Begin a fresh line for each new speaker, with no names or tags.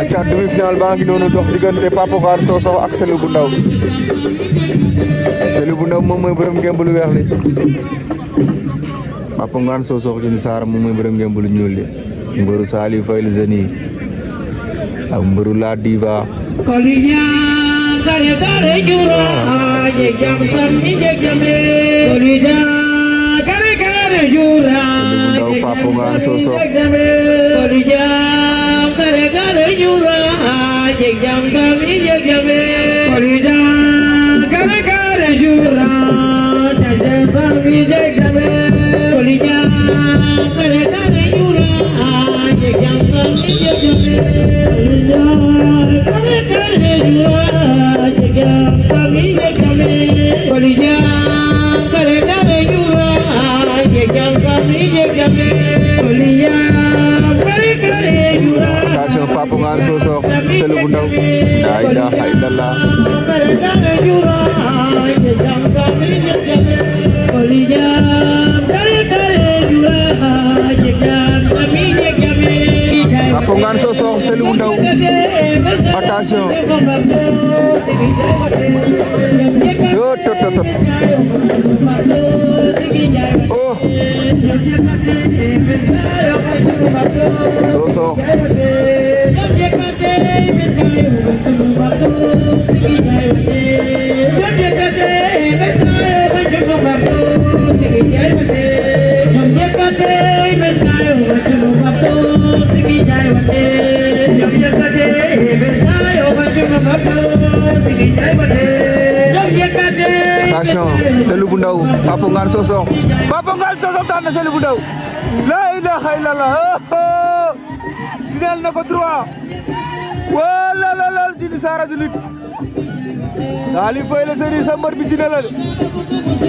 acca demi final baangi nonu dox digante papa car so so ak selu bu ndaw selu bu ndaw mom moy borom gembu lu wex li papa ngan so so gi sar mom moy borom gembu lu li mburu salif al zani ak mburu la diva kolinya gare gare jura je jam san ni je jame kolinya gare gare jura papa ngan so so यज्ञं सवियज्ञमे परिजा करकारजुरा तज सवियज्ञमे परिजा करकारजुरा यज्ञं सवियज्ञमे परिजा करकारजुरा यज्ञं सवियज्ञमे परिजा करकारजुरा यज्ञं सवियज्ञमे Parija noonu Papa Ngane Sosokh Sele bu ndaw laa ilaaha illallah Papa Ngane Sosokh Sele bu ndaw attention tot tot tot oh Sosokh Attention, c'est le Bundao. Papa Ngal Soso. Papa Ngal Soso, t'as c'est le lai lai lai lai, Signal notre droit. Wassare du lutte
Saliou Faye la sëriñ sa
mbër bi dina la de